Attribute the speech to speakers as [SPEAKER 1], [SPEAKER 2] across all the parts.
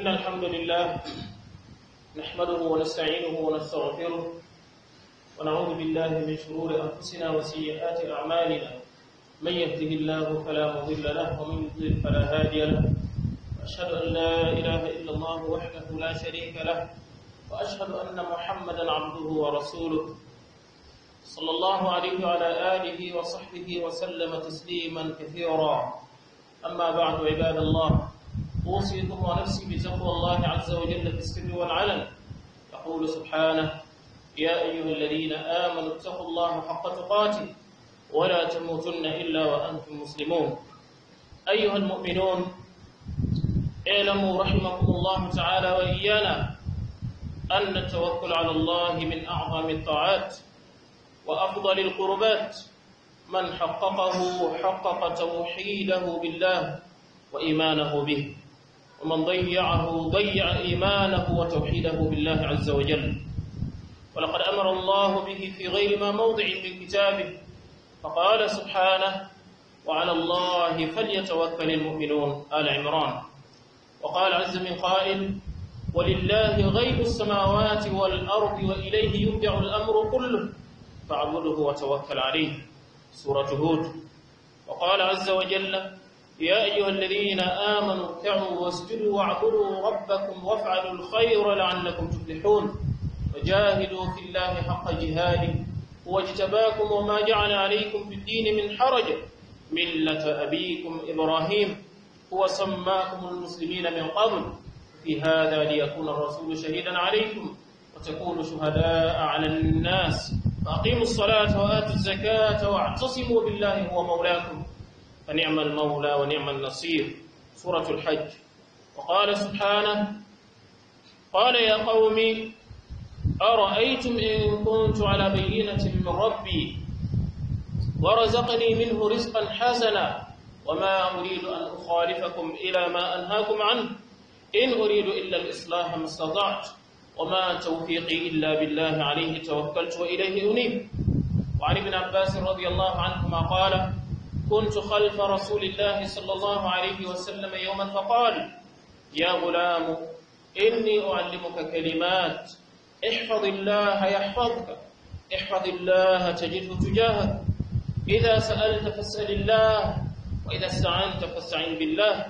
[SPEAKER 1] إن الحمد لله نحمده ونستعينه ونستغفره ونعوذ بالله من شرور أنفسنا وسيئات أعمالنا من يهده الله فلا مضل له ومن يضلل فلا هادي له وأشهد أن لا إله إلا الله وحده لا شريك له وأشهد أن محمدا عبده ورسوله صلى الله عليه وعلى آله وصحبه وسلم تسليما كثيرا أما بعد عباد الله أوصيكم ونفسي بتقوى الله عز وجل في السر والعلن يقول سبحانه يا أيها الذين آمنوا اتقوا الله حق تقاته ولا تموتن إلا وأنتم مسلمون أيها المؤمنون اعلموا رحمكم الله تعالى وإيانا أن التوكل على الله من أعظم الطاعات وأفضل القربات من حققه حقق توحيده بالله وإيمانه به ومن ضيعه ضيع إيمانه وتوحيده بالله عز وجل ولقد أمر الله به في غير ما موضع في كتابه فقال سبحانه وعلى الله فليتوكل المؤمنون آل عمران وقال عز من قائل ولله غيب السماوات والأرض وإليه يرجع الأمر كله فاعبده وتوكل عليه سورة هود وقال عز وجل يا أيها الذين آمنوا اركعوا واسجدوا واعبدوا ربكم وافعلوا الخير لعلكم تفلحون وجاهدوا في الله حق جهاده هو اجتباكم وما جعل عليكم في الدين من حرج ملة أبيكم إبراهيم هو سماكم المسلمين من قبل في هذا ليكون الرسول شهيدا عليكم وتكونوا شهداء على الناس فأقيموا الصلاة وآتوا الزكاة واعتصموا بالله هو مولاكم فنعم المولى ونعم النصير سورة الحج وقال سبحانه قال يا قوم أرأيتم إن كنت على بينة من ربي ورزقني منه رزقا حسنا وما أريد أن أخالفكم إلى ما أنهاكم عنه إن أريد إلا الإصلاح ما استطعت وما توفيقي إلا بالله عليه توكلت وإليه أنيب وعن ابن عباس رضي الله عنهما قال كنت خلف رسول الله صلى الله عليه وسلم يوما فقال يا غلام إني أعلمك كلمات احفظ الله يحفظك احفظ الله تجده تجاهك إذا سألت فاسأل الله وإذا استعنت فاستعن بالله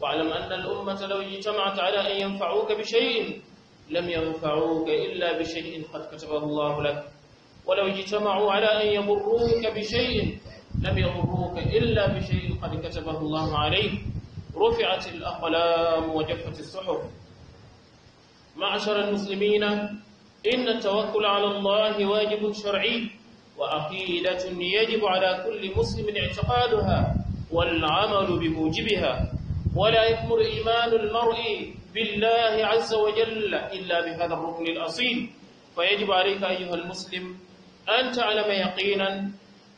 [SPEAKER 1] واعلم أن الأمة لو اجتمعت على أن ينفعوك بشيء لم ينفعوك إلا بشيء قد كتبه الله لك ولو اجتمعوا على أن يمروك بشيء لم يضروك إلا بشيء قد كتبه الله عليك رفعت الأقلام وجفت الصحف معشر المسلمين إن التوكل على الله واجب شرعي وعقيدة يجب على كل مسلم اعتقادها والعمل بموجبها ولا يثمر إيمان المرء بالله عز وجل إلا بهذا الركن الأصيل فيجب عليك أيها المسلم أن تعلم يقينا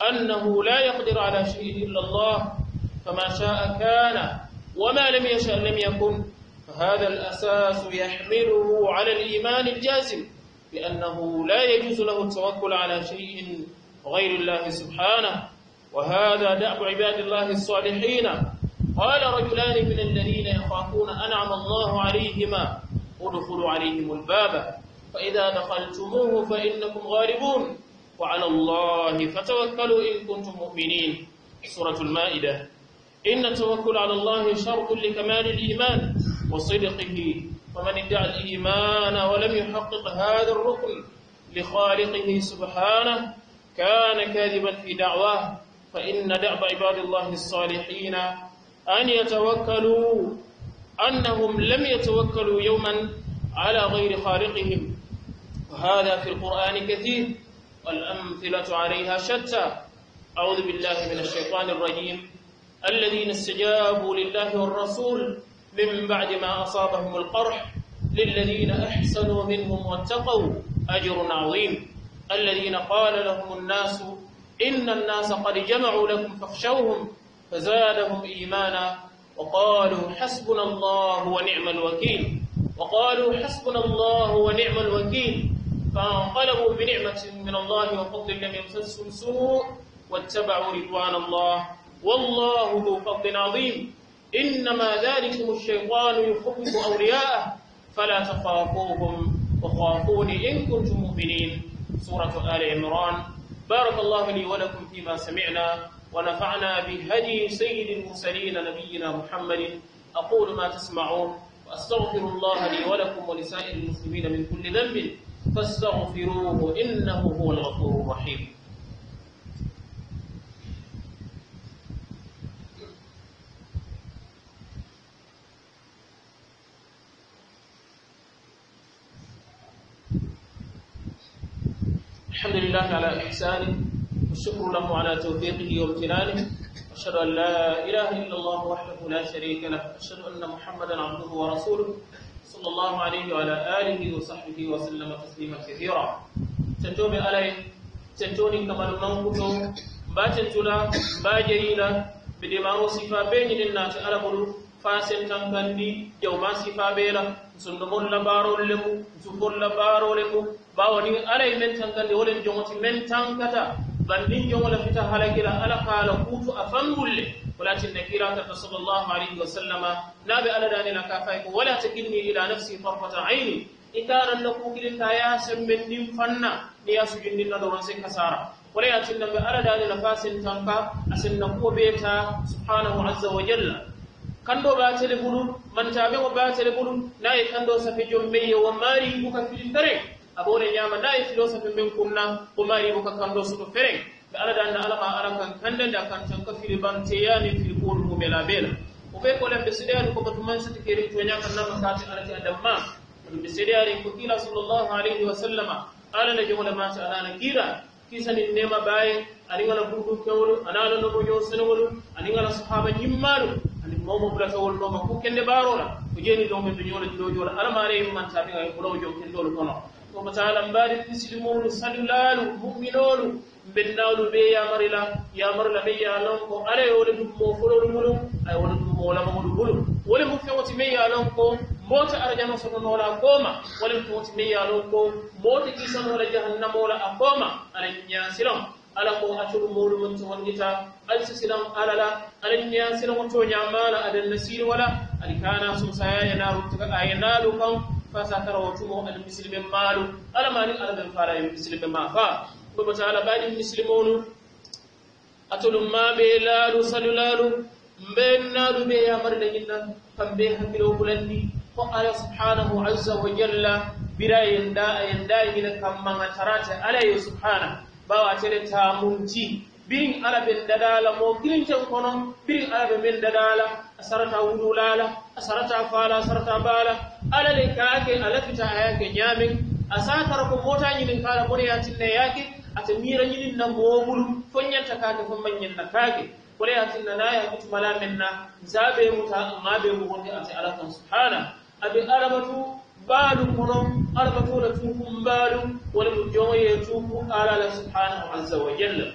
[SPEAKER 1] أنه لا يقدر على شيء إلا الله فما شاء كان وما لم يشأ لم يكن فهذا الأساس يحمله على الإيمان الجازم بأنه لا يجوز له التوكل على شيء غير الله سبحانه وهذا دأب عباد الله الصالحين قال رجلان من الذين يخافون أنعم الله عليهما ادخلوا عليهم الباب فإذا دخلتموه فإنكم غالبون وعلى الله فتوكلوا إن كنتم مؤمنين سورة المائدة إن التوكل على الله شرط لكمال الإيمان وصدقه ومن ادعى الإيمان ولم يحقق هذا الركن لخالقه سبحانه كان كاذبا في دعواه فإن دعب عباد الله الصالحين أن يتوكلوا أنهم لم يتوكلوا يوما على غير خالقهم وهذا في القرآن كثير والأمثلة عليها شتى أعوذ بالله من الشيطان الرجيم الذين استجابوا لله والرسول من بعد ما أصابهم القرح للذين أحسنوا منهم واتقوا أجر عظيم الذين قال لهم الناس إن الناس قد جمعوا لكم فاخشوهم فزادهم إيمانا وقالوا حسبنا الله ونعم الوكيل وقالوا حسبنا الله ونعم الوكيل فانقلبوا بنعمة من الله وفضل لم يمسسهم سوء واتبعوا رضوان الله والله ذو فضل عظيم إنما ذلكم الشيطان يخوف أولياءه فلا تخافوهم وخافوني إن كنتم مؤمنين سورة آل عمران بارك الله لي ولكم فيما سمعنا ونفعنا بهدي سيد المرسلين نبينا محمد أقول ما تسمعون وأستغفر الله لي ولكم ولسائر المسلمين من كل ذنب فاستغفروه إنه هو الغفور الرحيم الحمد لله على إحسانه والشكر له على توفيقه وامتنانه أشهد أن لا إله إلا الله وحده لا شريك له أشهد أن محمدا عبده ورسوله صلى الله عليه وعلى آله وصحبه وسلم تسليما كثيرا تنتوم علي تنتون كما نقول باتنتولا باجيلا بدي مارو صفا بيني لنا تعلمون فاسن تنكن دي يوما صفا بيلا سنقول لبارو لكو سنقول لبارو لكو باوني علي من تنكن دي ولن جمعتي من تنكتا بندين جمعة فتح حلقة على قال قوتو أفنبول لكو ولكن نكيرا صلى الله عليه وسلم لا بألدان لكافيك ولا تقلني إلى نفسي طرفة عيني إتارا نقوكل تايا من نمفنا نياس جنن ندورا سكسارا ولا يأتي لما ألدان لفاس تنكا أسن نقو بيتا سبحانه عز وجل kando batele bulun mantaɓe o batele bulun naye kando safe jom men yo won maari buka filintaren aɓa wone ñama naye philosophe men kumna o maari buka kando suɗo fereng ɓe aladanna alama aran kan kandende a kan tan ka fili banteyani fili ko kuwol mumela beela o ɓe kolen ɓe seɗeyani ko batu man sati keri to ñakannama sati alati adamma ɗum ɓe seɗeyani ko kiila Sallallahu alayhi wa sallama alana jogole mata alana kiira kiisanin nema ɓaaye aniŋala burdu kewolu anaala nomo ñoo senewolu aniŋala sahaba ñimmaalu ani momo bula ka wol noma ko kende barola ko jeni ɗon men do jola ala mare yim man taɓe ga bulawo jom kende kendolo kono ko ma taala mbari mbaɗi misilumolu be ya marila ya marla be ya lon ko ale e wole ɗum mo fololu mulum ay dum mo wole ɗum molamamoɗu mulum wole mo fewti ɓe yalon ko mota arjana sotonola a kooma wole mo fewti ɓe yalon ko mota kisanola jahannamola a kooma ala silam ala ko hatur modu mun tuhon ita al silam alala ne ya silam to nyamala adan nasir wala al kana sun saya yana rutuka ayna lukan fasa karawtu mu al muslimin malu ala mali ala ban fara yin muslimin ma fa ko ba din muslimonu atulum ma be lalu salulalu mbennaaɗu ɓe yamarde yinna kamɓe hakkilo bulandi ko ala subhanahu azza wa jalla bira en da en da gina kammaga tarata, alaye subhana bawa ta munci bin arabin dala mo gilincen kono bin arabin min dadala asarata wudulala asarta fala sarata bala ala le kaake a yakin ayake nyamin satar ko mota nyinin kala bone a yake ata mira nyinin na gobulu fonyanta kaake fon manyen na kaake bone yatinna na ya kutumala menna zabe muta be mu wonde ate ala subhana abi arabatu baalu kunom arba tura tukum baalu wala mu joŋoye tuku ala la subhanahu azza wa jalla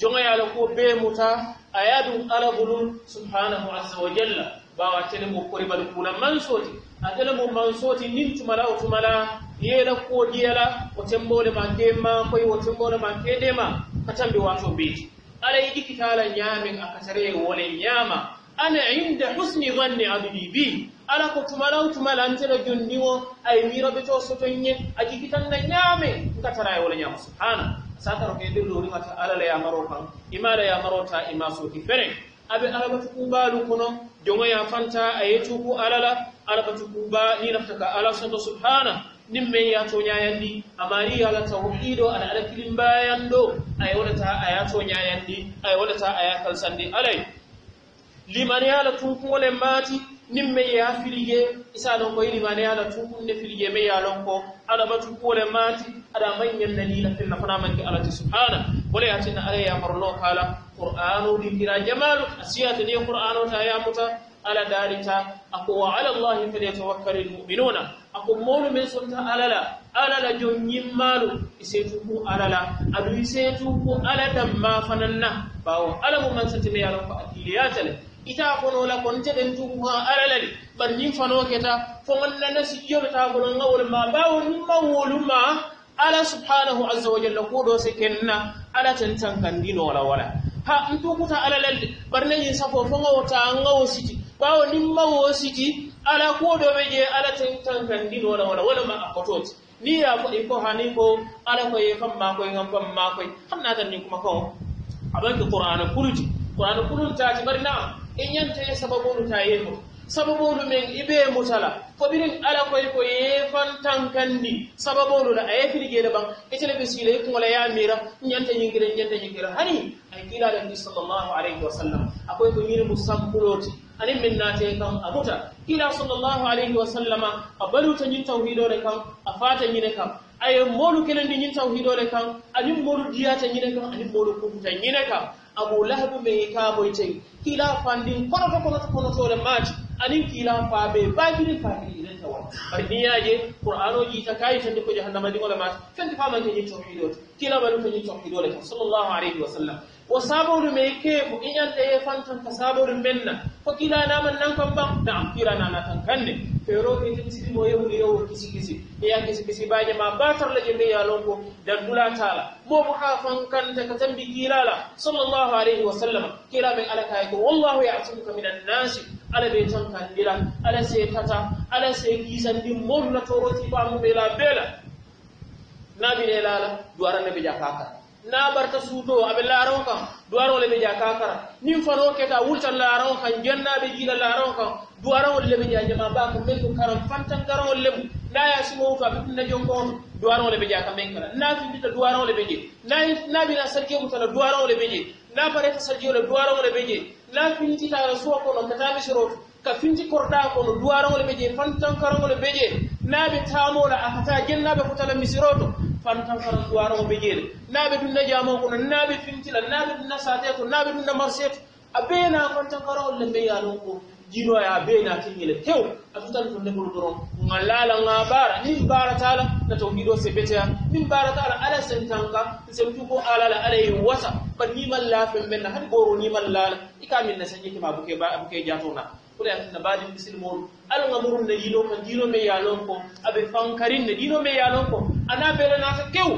[SPEAKER 1] joŋoye ala ko bee muta a ye duŋ ala bulu subhanahu azza wa jalla bawo atele mo koribal kula mansoti atele mo mansoti nin tumala o tumala yela ko diyala o tembole ma dema koy o tembole ma ka katambi wato beeti ala yidi kitala nyaamin akatare wole nyaama ana inda husni dhanni abubi bi ala ko lau la, an antira jundi wo ay mi be to to nye aji kitan na nyame nkatara wala nyama subhana sata ro kede lori ta ala la maro kan ya maro ta imaso ki fere abe ala ba lu kuno jonga ya fanta tu ku alala ala ba ba ni naftaka ala soto subhana nin me ya to yandi amari ya la tawhido ala ala kilim yando ay wala ta nya yandi ay wala ta sandi alai limaniyala tunkuŋolen maati niŋ meŋ ye a firige i se a loŋ ko i limaniyala tunkuŋ ne firige meŋ ye a loŋ ko alla ba tunkuŋolen maati ada a maŋ ñeŋ na niila na fanaŋ maŋ ke alla ti subhana wo le ye a tinna alla ye ka a la a siyaata niŋ ta ala dalita ako wa ala allahi falyatawakkalul mu'minuna ako molu men sonta alala alala jon malu. isetu alala adu isetu ala damma fananna bawo ala mu ya rafa atiliyatal ita la kon den tugu ha alalali ban ndin fano keta fogonnana sijjolta konon ŋawol ma bawo numma woluma ala subhanahu azza wa jalla ko do se kenna ala kan dino wala wala ha ta tukuta alalalde bar yin safo fo ŋawo ta ngawu siti ma wo siti ala ko do be je ala kan dino wala wala wala a akoto ni ya ko ko hani ko ala koye fan makoy kan ko Hanna tan ni kuma ko abanki qur'ana kuruji qur'ana kurun tati bari naam in yanta sababulu ta sababu sababolu men ibe mutala ko birin ala koy ko yefan tankandi sababu da ayi firge da ban itele e be sile e ko la ya yin nyanta yanta yin nyingira hani ay kila da nabi sallallahu alaihi wasallam akoy ko yiri musambuloti anin min nate kan amuta ila sallallahu alaihi wa sallama yin tauhido tawhidore kan afata yin kan aye molu yin tauhido tawhidore kan anin molu diyata yin kan anin molu ta yin kan abu lahabu me ka boyte kila fandin kono to kono to kono to le maji anin kila fa be bagiri fa bi idan tawa bar je qur'ano ji ta kai tan ko jahannama di wala ma tan fa man ke tawhidot kila balu ke kan, sallallahu alaihi wa sallam. wa saboru me ke bu inyal da ya fantan ka saboru menna ko kila na man nan kan ba da am na na kan kanne fero ke tin sidi mo yewu yewu kisi kisi e ya kisi kisi ba je ma batar la je me ya lon ko dan dula tala mo bu ha fan kan ta ka tambi kila la sallallahu alaihi sallam kila me ala kai ko wallahu ya'timuka minan nasi ala be tan kan dila ala se tata ala se kisan din mo na toroti ba mu bela bela nabi ne lala duara nabi ja ka na barta suto aɓe laarawo kan duwarole ɓe ja kakara nin fano keta wurta laarawo kan jannaɓe gina laarawo kan duwarowol leɓe ja jama ba ko men ko karan fantan garawol leɓu naya simowuto aɓe ɗumna jonko on duwarowle ɓe ja ka men kara na findita duwarowle ɓe je mu ta tala duwarowle ɓe je na pareta sarjiole duwarowle ɓe je na fintitala suwa kono bi siroto ka korda ko kono duwarowle ɓe je fantan karawole ɓe je naɓe tamola akata jennaɓe kotala misiroto fantan kala duwaro be na be dun na jamo ko nabe fintila nabe dun na sate ko be dun na marset abena fantan kala le be yalo ko jino ya abena tinyele tew atutan ko ne burdoro ngalala ngabara ni bara tala na tawhido sebetea min bara tala ala sentanka semtu ko alala alai wasa ban ni mallafin fen men har boro ni mallala ikamin min na sanye ki ma buke ba buke na pour yatin na baadi misilmoolu ala ŋa muru na jino ko jino me yalonko lon ko aɓe fankarin na diino me ye lon ko ana bela naata kew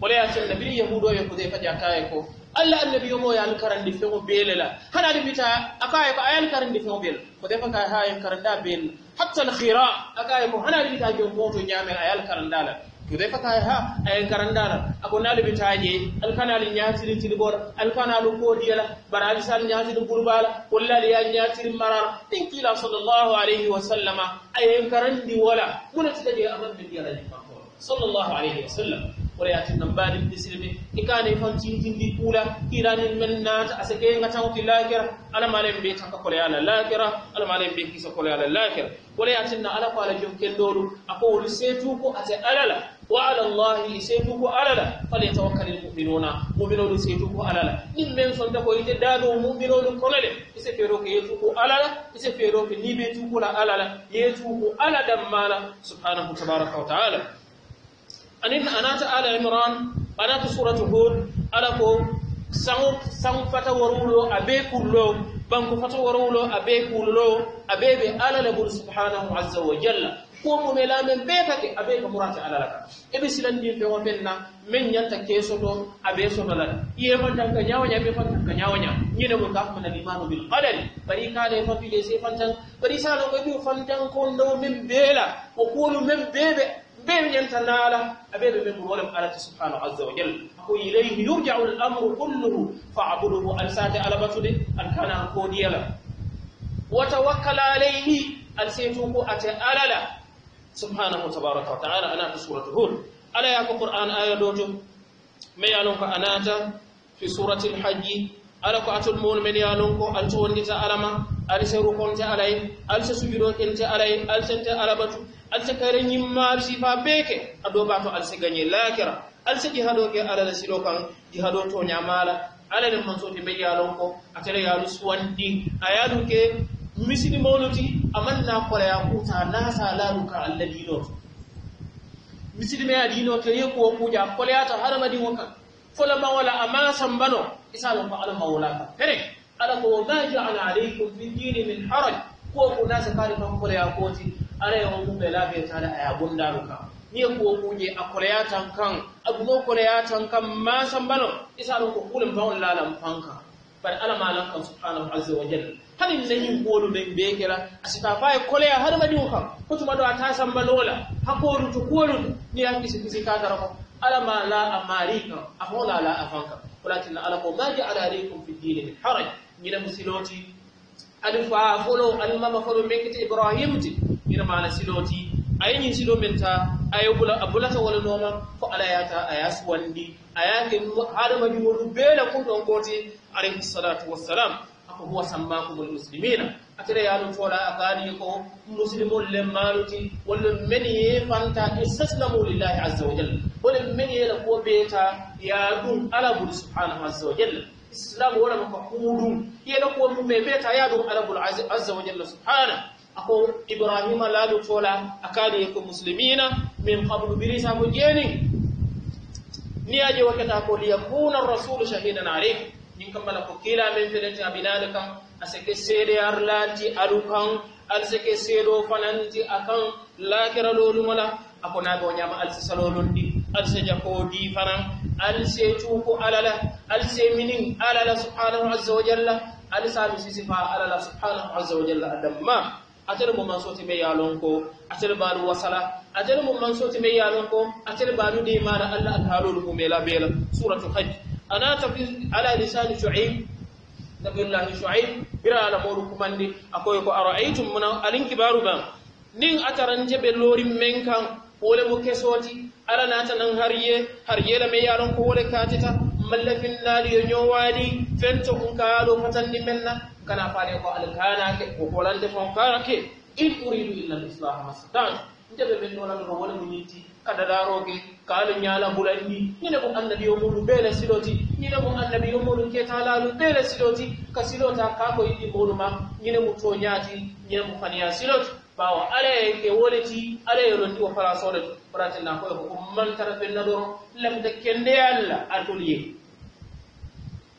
[SPEAKER 1] wala yatin na biri yahudo ye hudayfa ja kaye ko alla annabiyo mo ye alkarandi feŋo beele la hana adi bita a kaye ko a yi ye alkarandi feŋo beele zai kaye a ye karanda beele hatta alkhira a kaye ko hana adi bita jon moto ñaame a ye alkaranda la dai fata ha kudefataha ayen karandana ako nalu bitaje alkanalu nyaatiri tilbor alkanalu kodiyala barabi sal nyaatiri burbala wallali ya nyaatiri marar kila sallallahu alaihi wasallama ayen karandi wala muna tikaje aban bidiyala ni fakko sallallahu alaihi wasallam wala yatin nambali bisilmi ikane fantin tindi kula iranin mannata asake ngata utilakira ala malen be tanka kole ala lakira ala malen be kisa kole ala lakira wala yatin na ala kwala jonken dolu ako wulu setu ko ase alala وعلى الله سيتوكو على لا فليتوكل المؤمنون مؤمنون سيتوكو على لا إن من صندوق كو يت مؤمنون كونله يسفيرو كي يتوكو على لا يسفيرو كي نيبي على لا يتوك على دمالا سبحانه تبارك وتعالى أن إن أنا تعالى عمران أنا سورة هود على كو sango sango fata warulo abe kullo banko fata warulo abe kullo abe be ala la subhanahu azza wa kuwomo me lamen beetati a bee ka murata ala la kan e be silandin feŋo meŋ na meŋ ñanta ke so a bee soto la ka tanka ñawoña be fan tanka ñawoña ñine mo kaa fana limanu bil qadari bari i kaala fan file see fantan bari i saala ko ɓiw fantankondoo meŋ bee la wo kuwolu meŋ bee be bee be ñanta naala a bee be meŋ murolem ala ti subhanahu aza wa jal ako ilayhi yurjau l amru kulluhu faabuduhu al saate alabatude al kana ko diyala. la wa tawakkal alayhi al seetu ko ate ala la subhanahu tabaraka wa ta'ala ana fi surati hud ala ya ko qur'an aya dojo. me yalon ko anata fi surati alhajj ala ko atul mun men yalon ko alto wondita alama alse rukonte alay alse sujudo kente alay alse te alabatu alse kare nyimma sifa beke ado bato alse ganye lakira alse jihado ke ala silo kan jihado to nyamala ala le manso te be yalon ko atele yalu suwandi ayadu ke misini mawluti na amanna kola yakuta nasa laluka alladhi no misilme adino ke yeko kuja ta harama di waka fola ma wala ama sambano isalo ko ala maulaka kare ala ko ma ja'ala alaykum min dini min haraj ko ko nasa kare kan kola yakoti ala yawu be labe da aya gundaruka ni ko kuje ya tan kan kwara ya tan kan ma sambano isalo ko kulun bawon lalan fanka bare ala malan kan subhanahu azza wa jalla nan yin kolu den be kera asita fay kole ya Ko diu kam kutuma do ata ha lola hakoru to kolu ni ya kisi kisi ka tara ko ala ma la amarika ahola la afanka walakin ala ko ma ala alaikum fi dini min haraj min musiloti alfa folo almama folo mekete ibrahim ti ina mala siloti ayin silo menta ayi bula ta wala noma ko ala yata ayasu wandi ayakin hadama bi wolu bela ko don goti alaihi salatu wassalam ako huwa sammakumul muslimina atere yaalum foola a kaani ko musilimol le maaluti walla men fanta istaslamu lillahi azza wa jalla wala meni ye la kuwo beeta yaadum ala bulu subhanahu azza wa jalla islam wala mako huudum yela kuwo mum me ya yaadum ala bulu azza wa jalla subhanahu ako ibrahim la foola a akani ko muslimina min qablu birisa mujeni ni aje wakata ko liyakuna rasul shahidan alayhi nin kammala ko kiilamen feɗenti abinaali kan a seke seedeyar laalti alu kan al seke seedo fananti a kan laakiraloolumola a ko naaɓe o ñaama alsi salolol ɗi alse jakoo di fanan alse cuuku alala alse minin alala subhanahu azza wa jalla alisaami sisifa alala subhanahu azza wa jalla adamma atele mo mansoti me yaalon ko atele baalu wasala atele mo mansoti me yaalon ko atele baalu de maana allah alhaalolu mumela beela suratu hajj ana tafi ala lisan shu'aib nabiyullahi shu'aib ira ala moru kumandi akoy ko ara'aytum mun alin kibaru ban nin ataran be lorin men wole mo kesoti ala na ta nan harye harye la me yaron ko wole katita mallafin nali yo nyowadi fento kun fatan fatandi menna kana fare ko kana ke ko holande fon kana ke in uridu illa al-islah masdan njabe men wala no wala muniti kada daroge kalun yala bulandi ñine ko annabi o muɗum ɓeele siloti ñine ko annabi o muɗum ketalalu ɓeele siloti ka silota kako yiɗi muɗuma ñine mu to ñaati ñine mu faniya siloti ɓawa alaye ke woleti alaye londi o fala solet ko koye koko mantara fenna ɗoro lamta kende yalla, allah atoliye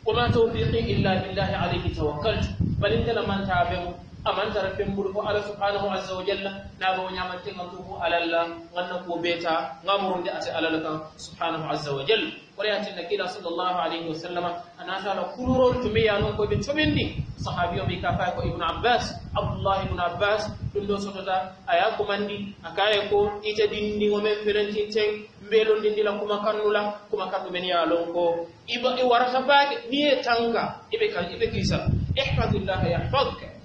[SPEAKER 1] wama tawfiqi illa billahi alayhi tawakkaltu balintela manta ɓe mo aman tara pembul ko ala subhanahu azza wa jalla na ba nyama te ngam ko ala la nganna ko beta ngamurun de ase ala la subhanahu azza wa jalla wala yatin nakila sallallahu alaihi wasallam ana ta la kulurol tumiya non ko be tobindi sahabiyo be kafa ko ibnu abbas abdullah ibn abbas dum do sotota aya ko mandi akaye ko ite dindi o men feranti ten mbelo dindi la kuma kannula kuma kandu men ya lon ko iba e warata baake ni e tanka ibe kan ibe kisa ihfazillah yahfazka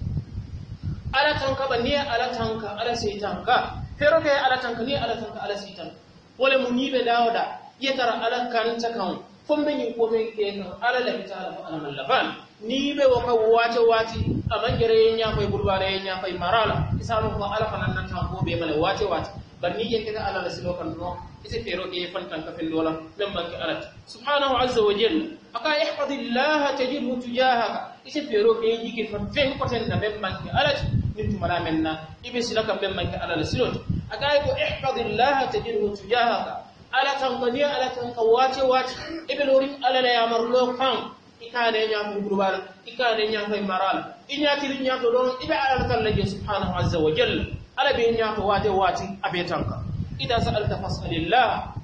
[SPEAKER 1] ala tanka ba niya ala tanka ala sai tanka fero ke ala tanka ne ala tanka ala sai tanka wala mu ni be dawo da ya tara ala kan ta kan fon be ni ko be ke no ala la ta ala ala man laban ni be wa ka wata wati aman gere nya fai gurbara ya fai marala isalu ko ala kan nan ta ko be male wati wati bar ni ke ala la silo kan no ise fero ke fan tanka fin dola nan man ke ala subhanahu azza wa jalla aka ihfadillaha tajidhu tujahaka ise fero ke ke fan fen ko tan da ben man ke ala Ni min tumara menna ibe silaka bemma ke ala la siloti aga ko ihfadillah tajiru tujaha ala tanqaliya ala tanqawati wat ibe lorim ala la yamarlo kham ikane nya mu gurbal ikane nya fay maral inya tiri nya to don ibe ala la tanla subhanahu azza wa jalla ala be nya to wate wati abe tanka ida sa'alta fasalillah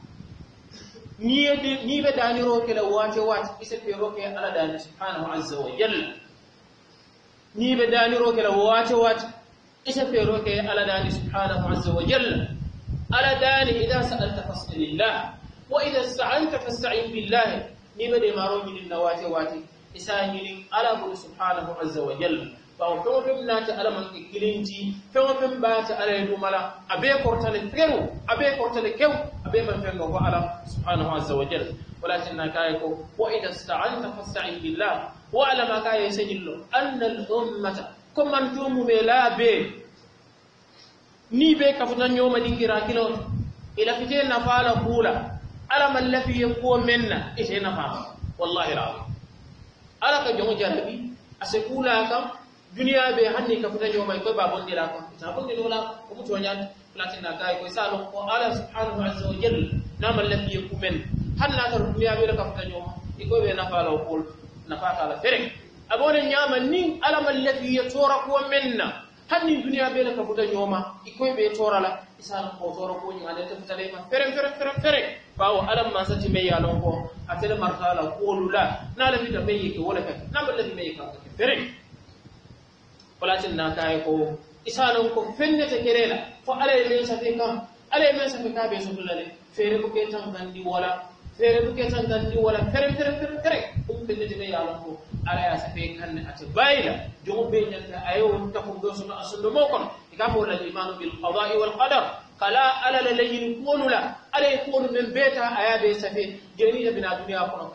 [SPEAKER 1] ni ni be dani ke la wate wati ise pe roke ala dani subhanahu azza wa jalla ni be daniroke la waate waate ite feeroke ala daani subhanahu azza wa jalla ala daani ida sa'alta fas'alillah wa ida sta'anta fasta'in billah ni be de maro ñinin na waate waate isa ñinin ala bulu subhanahu azza wa jalla bawo feŋo feŋ naata ala maŋ ke kilinti feŋo feŋ baata ala ye dumala a bee korta le feru kew بما في الله وعلا سبحانه عز وجل ولكن كايكو وإذا استعنت فاستعن بالله وعلى ما كاي يسجل أن الأمة كما نتوم بلا بي ني بي كفتنا نيوم دي كرا كيلو إلا فتين نفال قولا على من لفي يقوى منا إيش نفال والله العظيم على كجمع جانبي أسكولا كم دنيا بي هني كفتنا نيوم يقوى بابون دي لكم nabogeloola omutoñaati latinna kaye koye sa lon ko ala subhanahu aza wa jal namal lafiye kumen han natar duniyaɓeele kafuta ñooma ikoɓe nafala o pol nafatala ferek abone ñama nin alamal lafiye tora kuwo menna hannin duniya ɓeele kafuta ñooma ikoyeɓe torala isala ko toro ko ñi ale tefutalema ferek ferek ferek ferek bawo alam ma sati me yalon ko atele martala kolula na lafita ɓe yeke wole k'a namal lafi me k'a ferek walatin na kaye ko isalon ko fenne te kerela fo ala e men safi kan ala e men safi kaɓe fere feere ke tan tan di wala fere feere ke tan tan di wala fere fere fere fere fenne te ya yalon ko ala ya safe kanne ate bayila jogo ɓe ayo on ta ko do soto assundo mo kon ka fo la imanu bil qadai wal qadar kala ala la leyini la ala e kuwonu men beeta ayaɓe safe jeni be duniya kono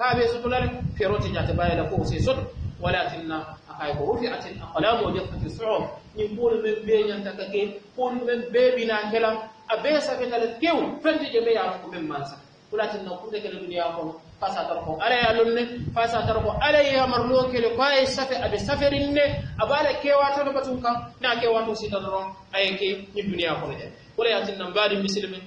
[SPEAKER 1] fere o te ñate bayila ko se soto wala tinna akai ko rufi atin aqlam wa yaqti su'um ni bol men be nyan takake kon men be bina kala abesa ke tal kew fenti je be ya ko men mansa wala tinna ko de kala duniya ko fasa tarko ala ya lunne fasa tarko ala ya marlo ke le kai safi abi safarin ne abala kewa to batun kan na kewa to sita doron ayeke ni duniya ko de wala ya tinna badi muslimin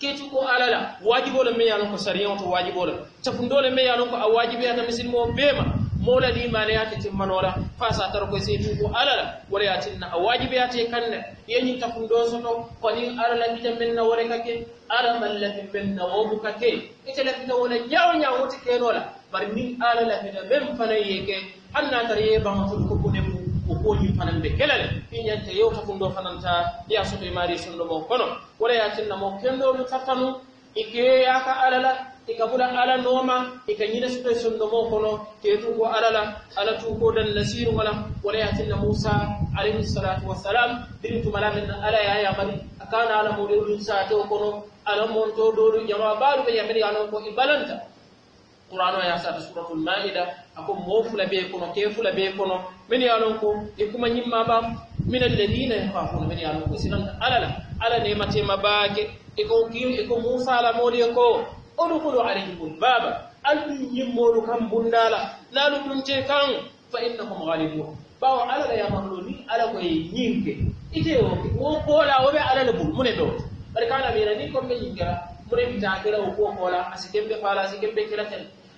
[SPEAKER 1] keti ko alala wajibole me yalon ko sariyon to wajibole tafundole me yalon ko a wajibiyata misilmo ma. mola ni mane ya tin manola fasa tar ko sai dubu alala wala ya tin na wajibi ya te kanne yenin ta kun do soto ko ni alala kitan min na wala kake ala mallati min na wabu kake ita la fita wala yaw nya wuti ke nola bar ni alala fita ben fana yake anna tar ye ba mutul ko ne mu ko ko ni fana be kelale inyanta yaw ta kun do fana ta ya soto mari sunno mo kono wala ya na mo kendo mu tatanu ike ya ka alala ikabura ala noma ikanyira situation nomo kono ketu ko alala ala tu ko dan nasiru wala wala yatinna musa alayhi salatu wassalam diri tu malamin ala ya ya mari akana ala mudiru sa to kono ala mon to do jama baru be yamri ala ko ibalanta qur'ano ya sa suratul maida ako mo fula be kono ke fula be kono min ya lon ko e kuma nyimma ba min alladhina yakhafuna min ya lon ko sinan alala ala ne mate mabake iko kiyo iko ko musa ala modi ko udkhulu alaihim baba alun yimmoru kam bundala lalu dunte kan fa innahum ghalibun bawo ala ya manlo ni ala ko yinke ite wo wo kola wo be ala le mune do bari kana be ni ko be yinka mune bi ta kala wo kola asikem be fala asikem be kala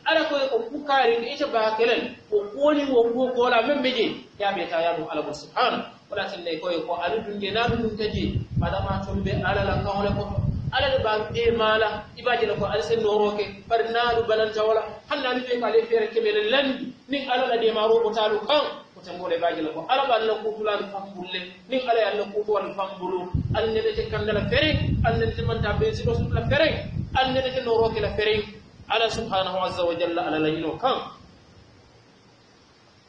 [SPEAKER 1] ala ko ko bukari ite ba kelen ko koli wo ko kola men be je ya be ta ya do ala subhanahu wala tin ne ko ko alu dunje na dun taji madama ton be ala la kan ko alal ba de mala ibaje ko al sen no roke par naalu balan wala hanna mi be kale fere ke kemel lan nin alala de maro ko talu kan ko tan gole bole baje ko ala ba ko fulan fambulle nin ala ya la ko to wal fambulu al ne de kandala fere al ne de manta be si ko su la fere al ne de no roke la fere ala subhanahu wa azza wa jalla ala la yino kan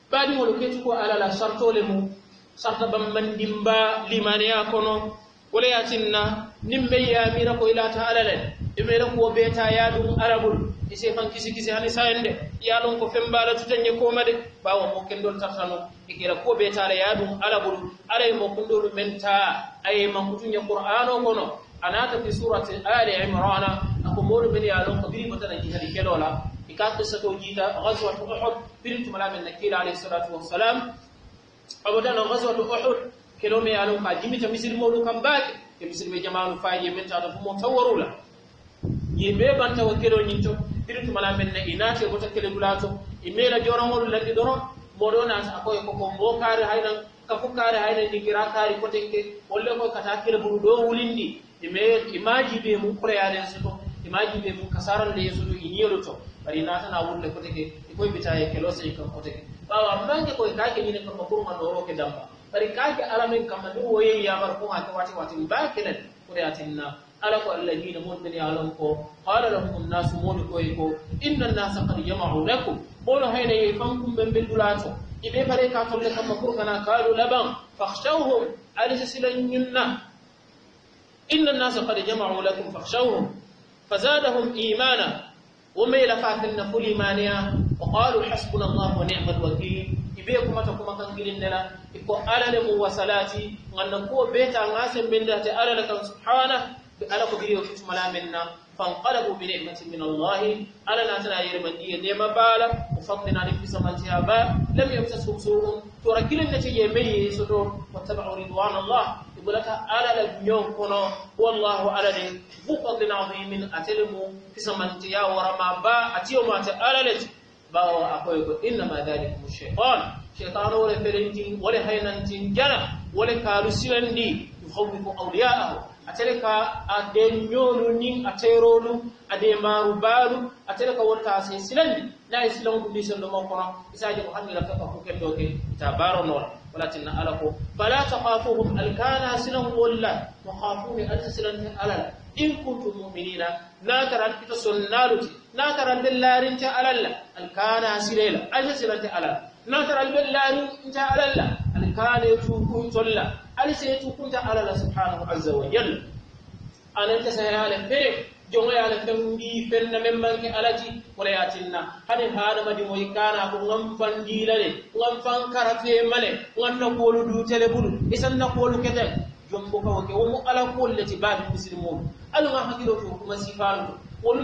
[SPEAKER 1] badi wol ke ko ala la sarto le mu sarta bam bambandimba limaniya kono wala yatinna nin me ya mira ko ila ta alale imera ko beta ya dun arabul ise fan kisi kisi hani ya yalon ko fembala tutanye komade bawo mo kendol tartano ikira ko beta ya dun arabul arai mo kundol menta ay mankutunye qur'ano kono anata fi surati ali imran ako molu min yalon ko biri batana jihadi kelola ika qissatu jita ghazwat uhud biri tumala min nakil alayhi salatu salam abadana ghazwat uhud kelome yalon ka jimita misil molu kambake e musidɓe jamanu faaji mentaɗo fo mo tan warula yimɓe ɓan tawa keɗoñin to men na i naati gota kele dula to i meela jorangoɗo lanɗi ɗoron moɗo naata akoye koko mbo kaari haynan kafu kaari haynan ɗigira kaari kotenke wolle koye kata kele buru ɗo wulindi imaji imaji kasaran le to bari wulle e bitaye kake damba bari kake ala min kama ni wo ye yamar ko hake wati wati ba kilan kuriyatinna ala ko alladina mundani alam ko qala lahum an-nas mun ko ko inna an-nas qad jama'u lakum bolo hayna ye fankum ben ben dulato ibe bare ka tolle kama ko kana qalu laban fakhshawhum alisa silanyunna inna an-nas qad jama'u lakum fakhshawhum fazadahum imana وما يلفاتن فل إيمانيا وقالوا حسبنا الله ونعم الوكيل إبيكم تكما كان قلنا ko ala le mu wasalati ngana ko beta ngase mbendate ala la kan subhana bi ala ko biyo kitmala minna fanqalabu bi ni'mati min Allah ala na man diye ne mabala ufaddina li fisamatiha aba lam yamsasuhum su'un turakilin da ce ye mai so to wattabu ridwan Allah ibulaka ala la nyon kono wallahu ala de bufaddina azimin atelimu ya wa ramaba atiyo mata ala le ba wa akoy ko inna ma dhalikum shaytan شيطان ولا فرنتي ولا هيننتي جنا ولا كالوسيلندي يخوف أولياءه أتلك أدنيون نين أتيرون أدمار بالو أتلك ورتا سيسلندي لا يسلم بدي سلم وقنا إساجي محمد لك فكوك دوك تبارون ولا ولكن ألقو فلا تخافوهم الكان سلم ولا وخافوه أنت سلم ألال in kuntum mu'minina لا taran ita sunnaluti na taran dillarin ta alalla alkana sirela alsirata alalla ناثر البلان انت على الله الكان يتوكم تلا أليس alalla. على الله سبحانه عز وجل أنا أنت سهل فيه jongo yaala fewndi fenna men manke alati wala yatinna hade haadamadi moy kana ko ngam fandiilale ngam fankara feemale ngam nakoolu duutele bulu isan nakoolu ketel jombo kawke womo ala kolleti baabi misilimuɗu alunga hakkilo to kuma sifanuɗo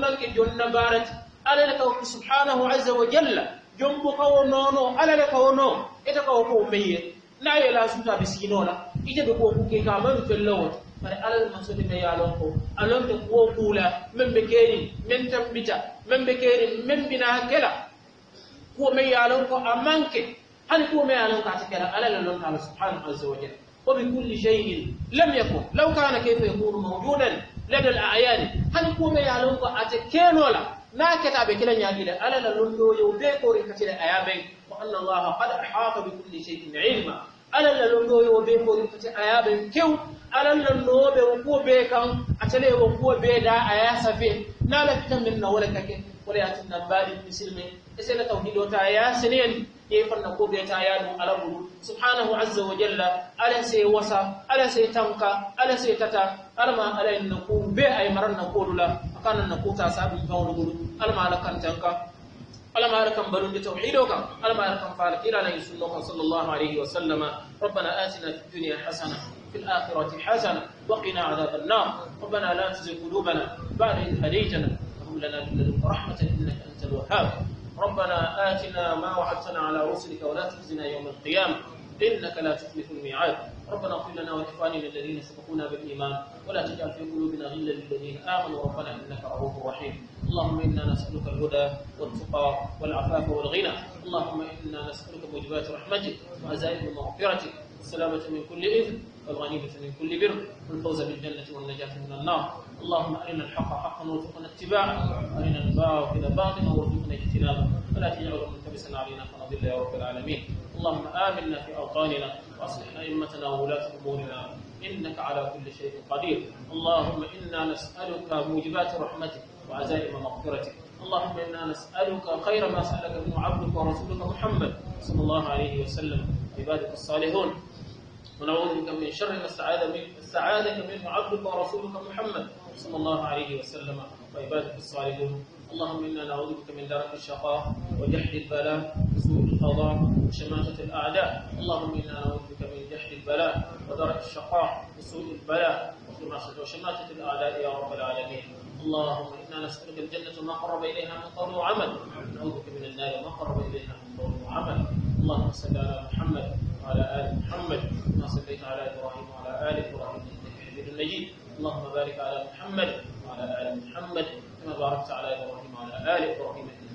[SPEAKER 1] man ke jonna baarati alala kawke subhanahu aza wa jalla jombo kawo nono alale kawo no ita kawo ko meye na ye la suta bisino la ije be ko kuke ka fe lo bare alal mansudi me ya lon ko alon to ko kula men be keri men bita men be keri men bina kala ko me ya lon ko amanke hal ko me ya lon ka tikala alal lon ta subhanahu ta'ala wa yakun law kana kayfa yakunu mawjudan lad al a'yan موجودا ko me ya lon ko ate kenola na keta be kilan ya kida ala la londo yo be ko re katira ayabe wa anna allah qad ahata bi kulli shay'in ilma ala la londo yo be ko re katira ayabe kew ala la no be ko be kan a atale wo ko be da aya safe na la kitan min na wala kake wala ya tin nabali muslimi ese la tawhido ta ya sinin ye fanna ko be ta ya no ala buru subhanahu azza wa jalla ala sai wasa ala sai tanka ala sai tata alma ala innakum be ay na ko dula kana na kota sabu wuru wuru almala kan tanka almala kan balun da tauhido kan almala kan fara kira na sunna kan sallallahu alaihi wa sallama rabbana atina fid dunya hasana fil akhirati hasana wa qina adhaban nar rabbana la tuzigh qulubana ba'da idh hadaytana wa hab lana min ladunka rahmatan innaka antal wahhab ربنا آتنا ما وعدتنا على رسلك ولا تخزنا يوم القيامة إنك لا تخلف الميعاد ربنا اغفر لنا ولاخواننا الذين سبقونا بالايمان ولا تجعل في قلوبنا غلا للذين امنوا ربنا انك رؤوف رحيم اللهم انا نسالك الهدى والتقى والعفاف والغنى اللهم انا نسالك موجبات رحمتك وعزائم مغفرتك والسلامه من كل اثم والغنيمه من كل بر والفوز بالجنه والنجاه من النار اللهم أرنا الحق حقا وارزقنا اتباعه وأرنا الباطل باطلا وارزقنا اجتنابه فلا تجعله ملتبسا علينا فنضل يا رب العالمين اللهم آمنا في أوطاننا وأصلح أئمتنا وولاة أمورنا إنك على كل شيء قدير اللهم إنا نسألك موجبات رحمتك وعزائم مغفرتك اللهم إنا نسألك خير ما سألك منه عبدك ورسولك محمد صلى الله عليه وسلم عبادك الصالحون ونعوذ بك من شر ما استعاذ منه عبدك ورسولك محمد صلى الله عليه وسلم وعبادك الصالحون اللهم انا نعوذ بك من درك الشقاء وجحد البلاء وسوء القضاء وشماتة الاعداء اللهم انا نعوذ بك من جحد البلاء ودرك الشقاء وسوء البلاء وشماتة الاعداء يا رب العالمين اللهم انا نسالك الجنه ما قرب اليها من قول وعمل نعوذ بك من النار ما قرب اليها من قول وعمل اللهم صل على محمد وعلى ال محمد كما صليت على ابراهيم وعلى ال ابراهيم انك حميد مجيد اللهم بارك على محمد وعلى ال محمد كما باركت على ابراهيم وعلى ال ابراهيم